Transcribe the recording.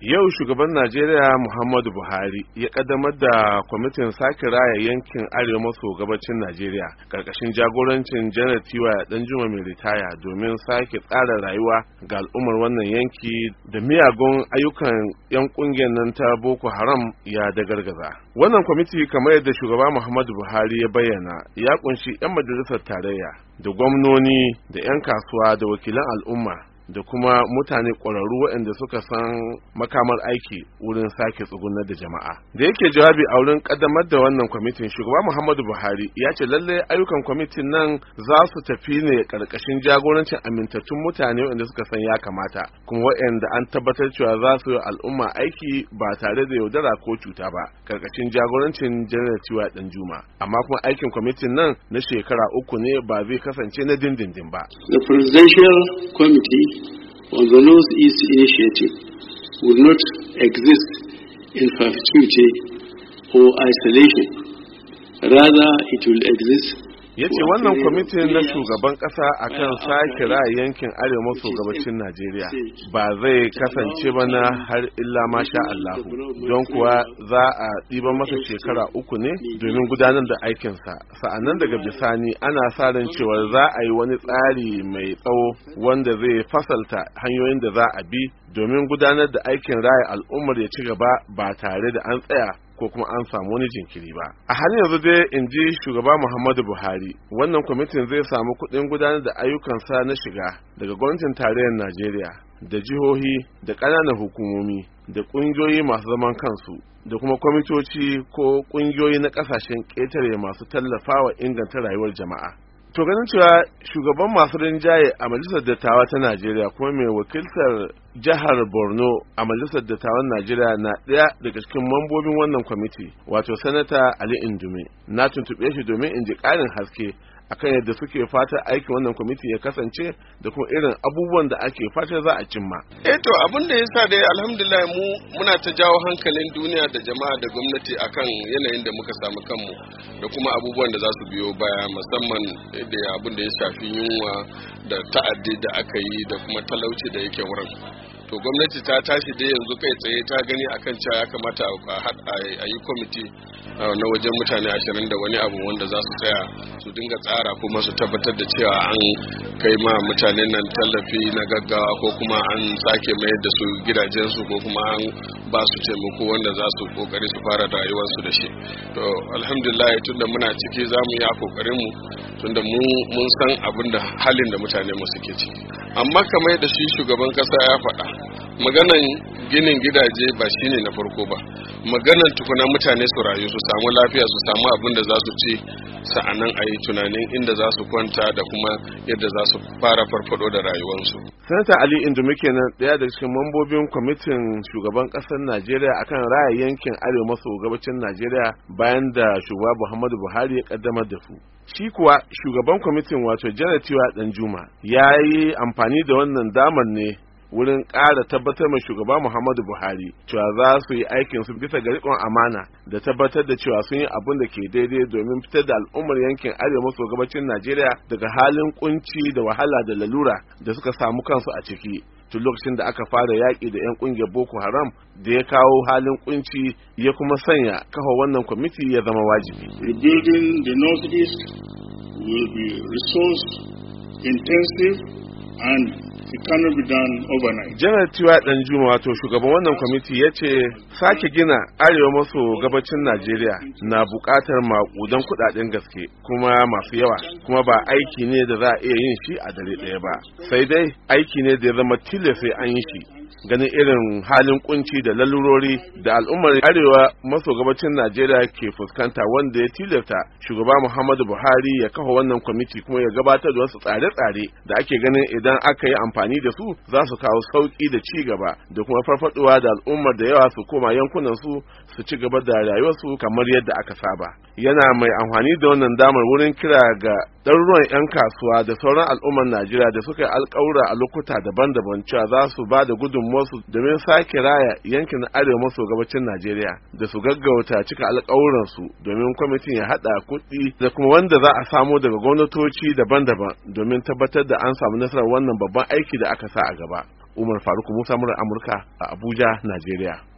yau shugaban najeriya muhammadu buhari ya kaddamar da kwamitin sake raya yankin arewa maso gabacin najeriya karkashin jagorancin janar tiwa juma mai ritaya domin sake tsara rayuwa ga al'ummar wannan yanki da miyagun ayyukan yan kungiyar nan ta boko haram ya gargaza. wannan kwamiti kamar yadda shugaba muhammadu buhari ya bayyana ya kunshi yan majalisar tarayya da gwamnoni da yan kasuwa da wakilan al'umma da kuma mutane ƙwararru waɗanda suka san makamar aiki wurin sake tsugunar da jama'a da yake jawabi a wurin ƙaddamar da wannan kwamitin shugaba muhammadu buhari ya ce lallai ayyukan kwamitin nan za su tafi ne ƙarƙashin jagorancin amintattun mutane waɗanda suka san ya kamata kuma waɗanda an tabbatar cewa za su yi al'umma aiki ba tare da yaudara ko cuta ba ƙarƙashin jagorancin janar tiwa ɗan juma amma kuma aikin kwamitin nan na shekara uku ne ba zai kasance na dindindin ba the presidential committee On the Northeast Initiative would not exist in perpetuity or isolation. Rather, it will exist ya ce wannan kwamitin na shugaban kasa a kan sake ra'ayi yankin arewa maso gabacin najeriya ba zai kasance ba na har illa masha allahu don kuwa za a ɗiban masa shekara uku ne domin gudanar da aikinsa sa'annan daga bisani ana sa ran cewa za a yi wani tsari mai tsawo wanda zai fasalta hanyoyin da za a bi domin gudanar da aikin raya al'ummar ya ci gaba ba tare da an tsaya ko kuma an samu wani jinkiri ba a halin yanzu dai in ji shugaba muhammadu buhari wannan kwamitin zai samu kuɗin gudanar da ayyukansa na shiga daga gwamnatin tarayyar najeriya da jihohi da ƙananan hukumomi da ƙungiyoyi masu zaman kansu da kuma kwamitoci ko ƙungiyoyi na ƙasashen ƙetare masu tallafawa inganta rayuwar jama'a to ganin cewa shugaban masu rinjaye a majalisar dattawa ta najeriya kuma mai wakiltar jihar borno a majalisar dattawan najeriya na ɗaya daga cikin mambobin wannan kwamiti wato sanata ali indume na tuntuɓe shi domin in ji ƙarin haske akan yadda suke fata aikin wannan kwamiti ya kasance da kuma irin abubuwan da ake fata za a cimma. Eh to abin da yasa dai alhamdulillah mu muna ta jawo hankalin duniya da jama'a da gwamnati akan yanayin da muka samu kanmu da kuma abubuwan da za su biyo baya musamman da abin da ya shafi yunwa da ta'addi da aka yi da kuma talauci da yake wurin. to gwamnati ta tashi dai yanzu kai tsaye ta gani akan cewa ya kamata a yi kwamiti na wajen mutane ashirin da wani abu wanda za su tsaya su dinga tsara kuma su tabbatar da cewa an kai ma mutane nan tallafi na gaggawa ko kuma an sake mayar da su gidajensu ko kuma an ba su taimako wanda za su kokari su fara rayuwarsu da shi to alhamdulillah tunda muna ciki za mu yi a kokarinmu tunda mun san abin da halin da mutane mu suke ci amma kamar da shi shugaban kasa ya faɗa maganan ginin gidaje ba shine na farko ba maganan tukuna mutane su rayu su samu lafiya su samu abin da za su ci sa'annan a yi tunanin inda za su kwanta da kuma yadda za su fara farfado da rayuwarsu. sanata ali indumi kenan daya daga cikin mambobin kwamitin shugaban kasar najeriya akan raya yankin arewa maso gabacin najeriya bayan da shugaba muhammadu buhari ya kaddamar da su shi kuwa shugaban kwamitin wato janet tiwa danjuma ya yi amfani da wannan damar ne wurin ƙara tabbatar mai shugaba Muhammadu Buhari cewa za su yi aikin su bisa ga riƙon amana da tabbatar da cewa sun yi abin da ke daidai domin fitar da al'ummar yankin arewa maso gabacin Najeriya daga halin kunci da wahala da lalura da suka samu kansu a ciki. Tun lokacin da aka fara yaƙi da 'yan ƙungiyar Boko Haram da ya kawo halin kunci ya kuma sanya kafa wannan kwamiti ya zama wajibi. Rebuilding the Northeast will be resource intensive and It cannot be done Janar Tiwa Danjuma wato shugaban wannan kwamiti ya ce sake gina arewa maso gabacin Najeriya na buƙatar maƙudan kuɗaɗen gaske kuma masu yawa kuma ba aiki ne da za a iya yin shi a dare ɗaya ba sai dai aiki ne da ya zama tilasai an yi shi ganin irin halin kunci da lalurori da al'ummar arewa maso gabacin najeriya ke fuskanta wanda ya tilasta shugaba muhammadu buhari ya kafa wannan kwamiti kuma ya gabatar da wasu tsare-tsare da ake ganin idan aka yi amfani da su za su kawo sauƙi da ci gaba da kuma farfaduwa da al'ummar da yawa su koma yankunan su su ci gaba da rayuwarsu kamar yadda aka saba yana mai amfani da wannan damar wurin kira ga ɗaruruwan 'yan kasuwa da sauran al'ummar najeriya da suka yi alƙawura a lokuta daban-daban cewa za su ba da gudunmuwarsu domin sake raya yankin arewa maso gabacin najeriya da su gaggauta cika alƙawuransu domin kwamitin ya haɗa kuɗi da kuma wanda za a samo daga gwamnatoci daban-daban domin tabbatar da an samu nasarar wannan babban aiki da aka sa a gaba umar faruk musa murar amurka a abuja najeriya